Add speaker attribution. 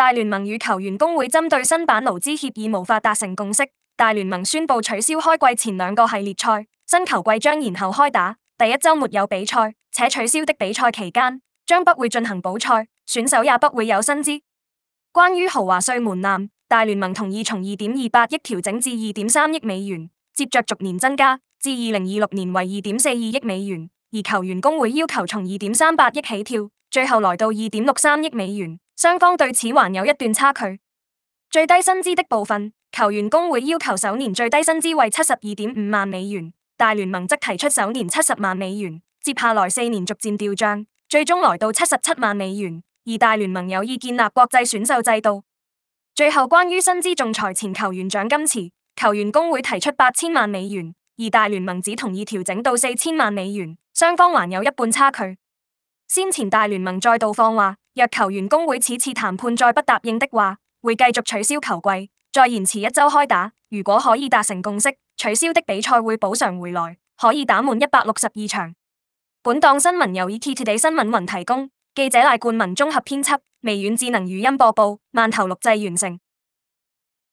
Speaker 1: 大聯盟與球員工會針對新版勞資協議無法達成共識，大聯盟宣布取消開季前兩個系列賽，新球季將延後開打，第一周沒有比賽，且取消的比賽期間將不會進行補賽，選手也不會有薪資。關於豪華稅門檻，大聯盟同意從二點二八億調整至二點三億美元，接着逐年增加至二零二六年為二點四二億美元，而球員工會要求從二點三八億起跳，最後來到二點六三億美元。雙方對此還有一段差距。最低薪資的部分，球員工會要求首年最低薪資為七十二點五萬美元，大聯盟則提出首年七十萬美元，接下來四年逐漸調漲，最終來到七十七萬美元。而大聯盟有意建立國際選秀制度。最後關於薪資仲裁前球員獎金池，球員工會提出八千萬美元，而大聯盟只同意調整到四千萬美元，雙方還有一半差距。先前大聯盟再度放話。若球員工會此次談判再不答應的話，會繼續取消球季，再延遲一周開打。如果可以達成共識，取消的比賽會補償回來，可以打滿一百六十二場。本檔新聞由 ETtoday 新聞雲提供，記者賴冠文綜合編輯，微軟智能語音播報，饅頭錄製完成。